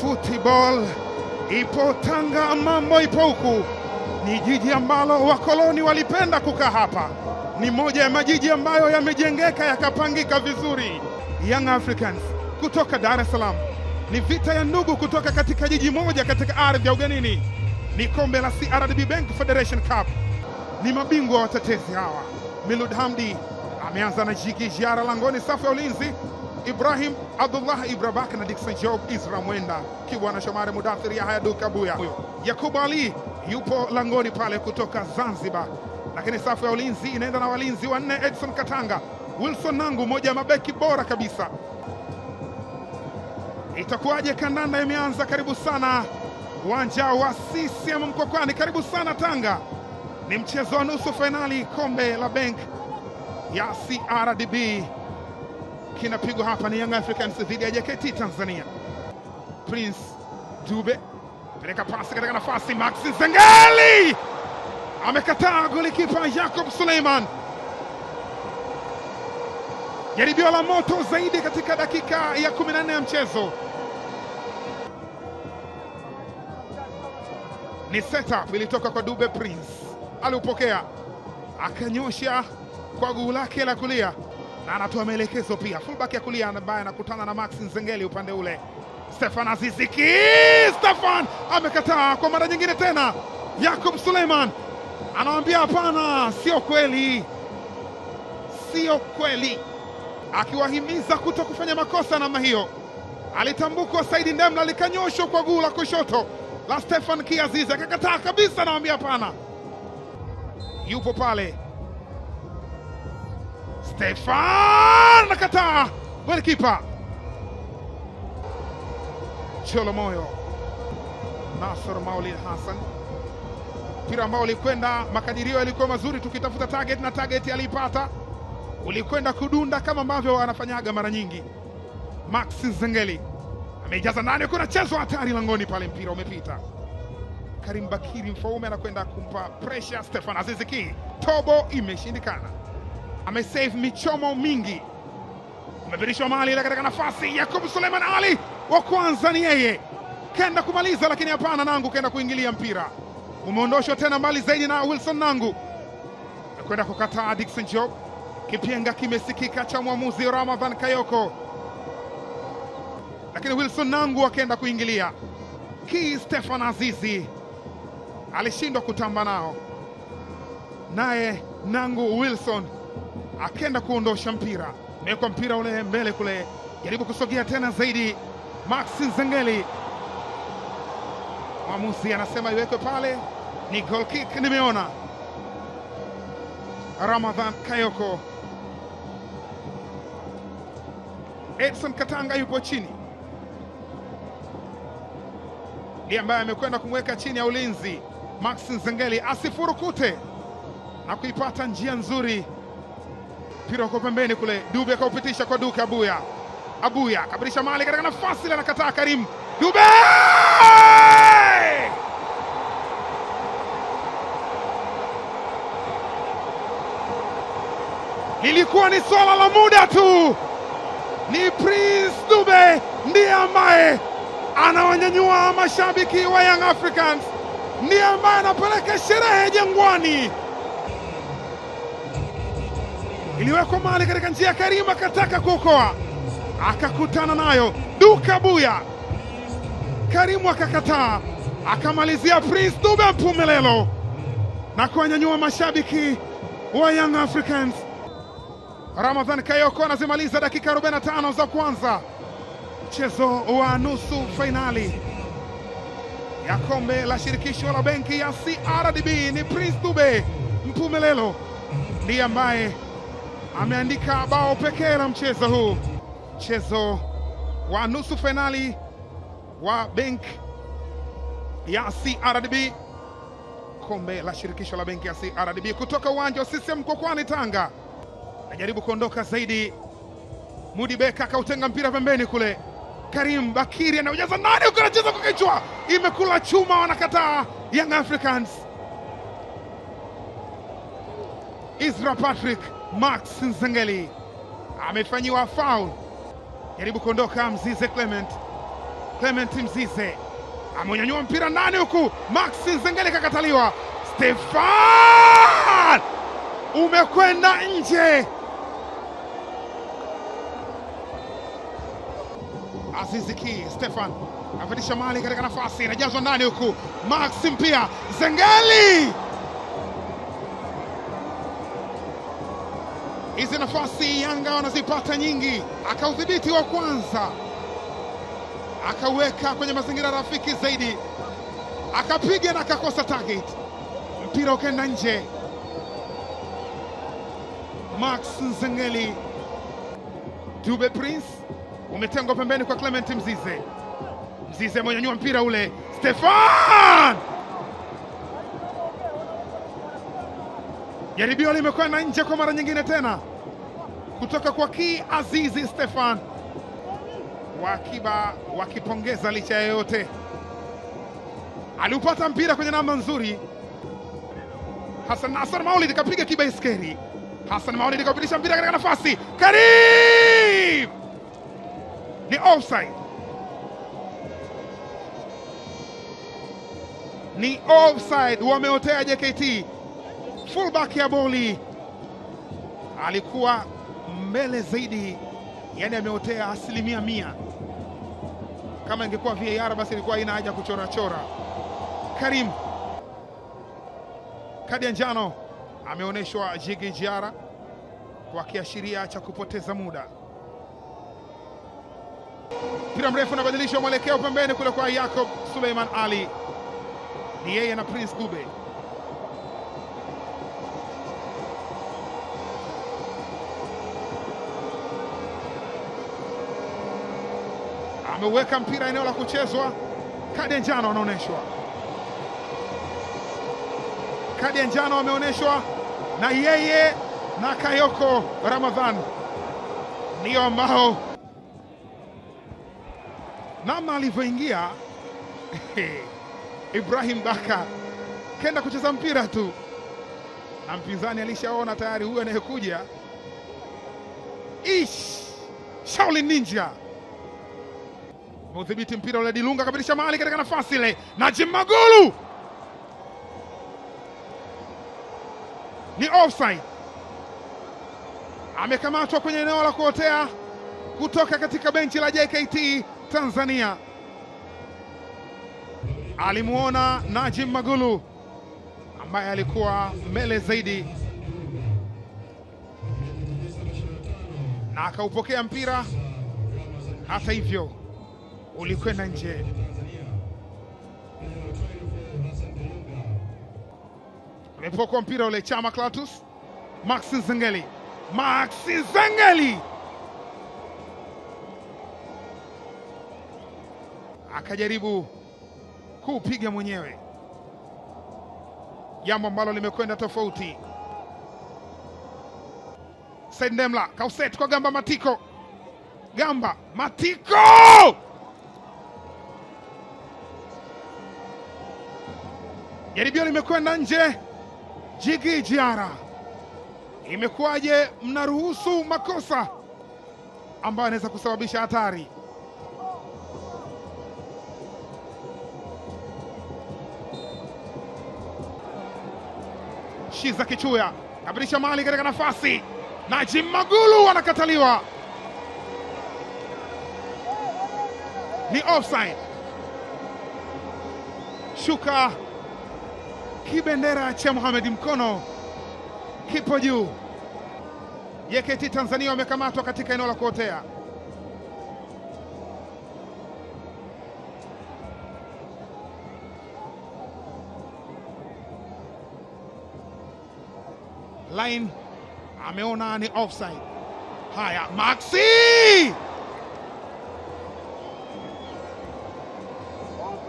football ipo Tanga, mambo ipo huku. Ni jiji ambalo wakoloni walipenda kukaa hapa, ni moja ya majiji ambayo yamejengeka yakapangika vizuri. Young Africans kutoka Dar es Salaam, ni vita ya ndugu kutoka katika jiji moja katika ardhi ya ugenini, ni kombe la CRDB Bank Federation Cup, ni mabingwa watetezi hawa. Milud Hamdi ameanza na jiki jiara langoni, safu ya ulinzi Ibrahim Abdullah Ibrabaka na Dickson Job Isra Mwenda, kibwa na Shomari, Mudathiri Yahaya Duka Buya, Yakubu Ali yupo langoni pale kutoka Zanzibar, lakini safu ya ulinzi inaenda na walinzi wanne, Edson Katanga, Wilson Nangu, moja ya mabeki bora kabisa. Itakuwaje? Kandanda imeanza. Karibu sana uwanja wa CCM Mkwakwani, karibu sana Tanga. Ni mchezo wa nusu fainali kombe la Bank ya CRDB kinapigwa hapa ni Young Africans dhidi ya JKT Tanzania. Prince Dube peleka pasi katika nafasi, Max Nzengali amekataa, golikipa Jacob Suleiman. Jaribio la moto zaidi katika dakika ya 14 ya mchezo. Ni setup ilitoka kwa Dube Prince, aliupokea akanyosha kwa guu lake la kulia na anatoa maelekezo pia, fullback ya kulia ambaye anakutana na Max Nzengeli upande ule. Stefan Aziziki, Stefan amekataa kwa mara nyingine tena. Yakub Suleiman anamwambia hapana, sio kweli, sio kweli, akiwahimiza kuto kufanya makosa namna hiyo. Alitambukwa Saidi Ndemla, likanyoshwa kwa guu la kushoto la Stefan Kiazizi, akakataa kabisa, anamwambia hapana, yupo pale Stefan Nakata, golikipa Cholo Moyo Maulid Hassan, mpira ambao ulikwenda, makadirio yalikuwa mazuri, tukitafuta target na target aliipata, ulikwenda kudunda kama ambavyo anafanyaga mara nyingi. Max Zengeli amejaza ndani, kuna chezo hatari langoni pale, mpira umepita. Karim Bakiri Mfaume anakwenda kumpa pressure Stefan Aziziki, tobo imeshindikana amesave michomo mingi, amepitishwa mali, ila katika nafasi yakubu Suleiman Ali wa kwanza ni yeye, kenda kumaliza lakini hapana, Nangu kenda kuingilia mpira, umeondoshwa tena mbali zaidi na Wilson Nangu kwenda kukataa Dickson Job. Kipenga kimesikika cha mwamuzi Ramadhan Kayoko, lakini Wilson Nangu akaenda kuingilia. Ki Stefan Azizi alishindwa kutamba nao, naye Nangu Wilson akenda kuondosha mpira, mewekwa mpira ule mbele kule, jaribu kusogea tena zaidi. Maxi Nzengeli, mwamuzi anasema iwekwe pale, ni goal kick. Nimeona Ramadhan Kayoko, Edson Katanga yupo chini, ndiye ambaye amekwenda kumweka chini ya ulinzi Maxi Nzengeli, asifurukute na kuipata njia nzuri mpira uko pembeni kule, Dube akaupitisha kwa Duke Abuya. Abuya kabirisha mali katika nafasi ile, anakataa Karim Dube lilikuwa ni swala la muda tu. Ni Prince Dube ndiye ambaye anawanyanyua mashabiki wa Young Africans, ndiye ambaye anapeleka sherehe Jangwani iliwekwa mali katika njia ya Karim, akataka kuokoa, akakutana nayo Duka Buya. Karimu akakataa, akamalizia Prince Dube Mpumelelo na kuwanyanyua mashabiki wa Young Africans. Ramadhan Kayoko anazimaliza dakika 45 za kwanza mchezo wa nusu fainali ya kombe la shirikisho la benki ya CRDB. Ni Prince Dube Mpumelelo ndiye ambaye ameandika bao pekee la mchezo huu, mchezo wa nusu fainali wa benki ya CRDB, kombe la shirikisho la benki ya CRDB kutoka uwanja wa CCM Mkwakwani, Tanga. Anajaribu kuondoka zaidi, Mudi Beka akautenga mpira pembeni kule, Karim Bakiri anaujaza ndani, anacheza kwa kichwa, imekula chuma, wanakataa Young Africans. Isra Patrick Max Nzengeli amefanyiwa foul, jaribu kuondoka Mzize Clement. Clement Mzize ameunyanyua mpira ndani, huku Max Nzengeli kakataliwa. Stefan umekwenda nje. Aziziki Stefan apitisha mali katika nafasi, inajazwa ndani, huku Max mpia Zengeli nafasi Yanga wanazipata nyingi, akaudhibiti wa kwanza, akaweka kwenye mazingira rafiki zaidi, akapiga na akakosa target, mpira ukaenda nje. Max Nzengeli, Dube Prince umetengwa pembeni kwa Clement Mzize. Mzize mwenyanyua mpira ule, Stefan jaribio limekwenda nje kwa mara nyingine tena kutoka kwa ki Azizi Stefan wakiba wakipongeza licha ya yote, aliupata mpira kwenye namba nzuri. Hassan Hassan Maulid kapiga Iskeri. Hassan Maulid kapitisha mpira katika nafasi Karim, ni offside, ni offside. Wameotea JKT, fullback ya boli alikuwa mbele zaidi, yani ameotea asilimia mia. Kama ingekuwa VAR basi ilikuwa haina haja kuchora chora. Karim kadi ya njano ameonyeshwa Jigi Jiara kwa kiashiria cha kupoteza muda. Mpira mrefu unabadilishwa mwelekeo pembeni kule kwa yakob Suleiman Ali, ni yeye na Prince Dube. ameweka mpira eneo la kuchezwa, kadi ya njano anaonyeshwa, kadi ya njano ameonyeshwa na yeye na Kayoko Ramadhan ndio ambao namna alivyoingia Ibrahim Baka kenda kucheza mpira tu, na mpinzani alishaona tayari huyo anayekuja. Ish Shaolin Ninja Udhibiti mpira ule Dilunga kapitisha mahali katika nafasi ile. Najim Magulu. Ni offside. Amekamatwa kwenye eneo la kuotea kutoka katika benchi la JKT Tanzania. Alimuona Najim Magulu ambaye alikuwa mbele zaidi na akaupokea mpira. Hata hivyo ulikwenda nje. Ulipokwa mpira ule, Chama Clatous, Maxi Zengeli, Maxi Zengeli akajaribu kuupiga mwenyewe, jambo ambalo limekwenda tofauti. Said Ndemla, Kauset kwa Gamba Matiko, Gamba Matiko Jaribio limekwenda nje. Jigi Jiara, imekuwaje mnaruhusu makosa ambayo anaweza kusababisha hatari? Shiza Kichuya kabirisha mali katika nafasi. Najim Magulu anakataliwa, ni offside. Shuka Kibendera cha Mohamed Mkono kipo juu. JKT Tanzania wamekamatwa katika eneo la kuotea. Line ameona ni offside. Haya, Maxi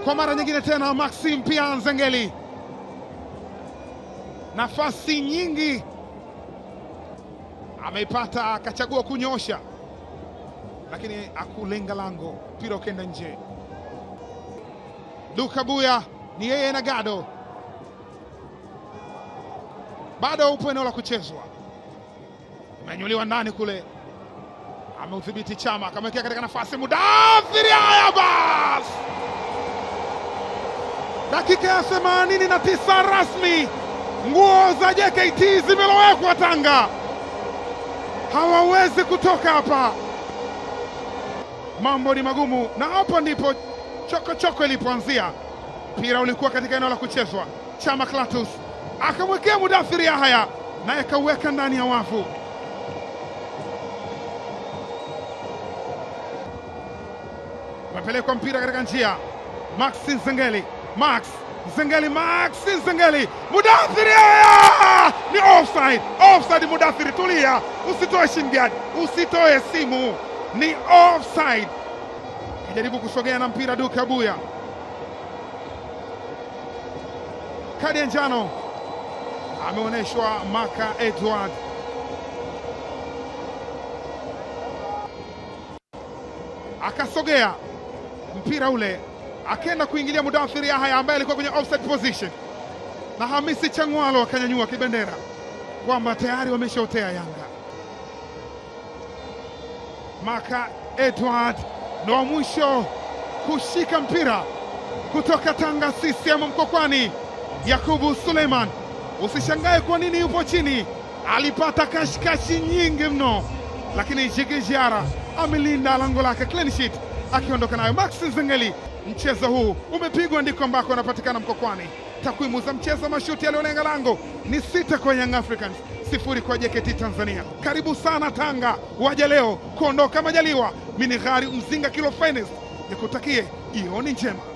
kwa mara nyingine tena, Maxim pia Nzengeli nafasi nyingi ameipata, akachagua kunyosha, lakini akulenga lango, mpira ukenda nje. Luka Buya ni yeye na Gado, bado upo eneo la kuchezwa, imenyuliwa ndani kule, ameudhibiti Chama, akamwekea katika nafasi Mudathiri. Haya basi, dakika ya 89 rasmi. Nguo za JKT zimelowekwa Tanga, hawawezi kutoka hapa. Mambo ni magumu, na hapo ndipo chokochoko ilipoanzia. Mpira ulikuwa katika eneo la kuchezwa, Chama Clatous akamwekea Mudathiri Yahaya naye kauweka ndani ya wavu. Umepelekwa mpira katika njia, Maxi Nzengeli, Max Zengeli, Maxi Zengeli, Mudathiri! Ni offside, offside! Mudathiri, tulia, usitoe shingad, usitoe simu, ni offside. Kajaribu kusogea na mpira Duke Abuya, kadi ya njano ameonyeshwa Maka Edward. Akasogea mpira ule akenda kuingilia Mudathiri Yahya ambaye alikuwa kwenye offside position, na Hamisi Changwalo akanyanyua kibendera kwamba tayari wameshaotea Yanga. Maka Edward ndo wa mwisho kushika mpira kutoka Tanga CCM Mkokwani. Yakubu Suleiman, usishangae kwa nini yupo chini, alipata kashikashi nyingi mno, lakini Jigi Jiara amelinda lango lake clean sheet akiondoka nayo Max Zingeli, Mchezo huu umepigwa ndiko ambako anapatikana Mkokwani. Takwimu za mchezo, mashuti yaliyolenga lango ni sita kwa Young Africans, sifuri kwa JKT Tanzania. Karibu sana Tanga, waja leo kuondoka majaliwa. Mimi ni Ghari Mzinga, Kilo Finest, nikutakie jioni njema.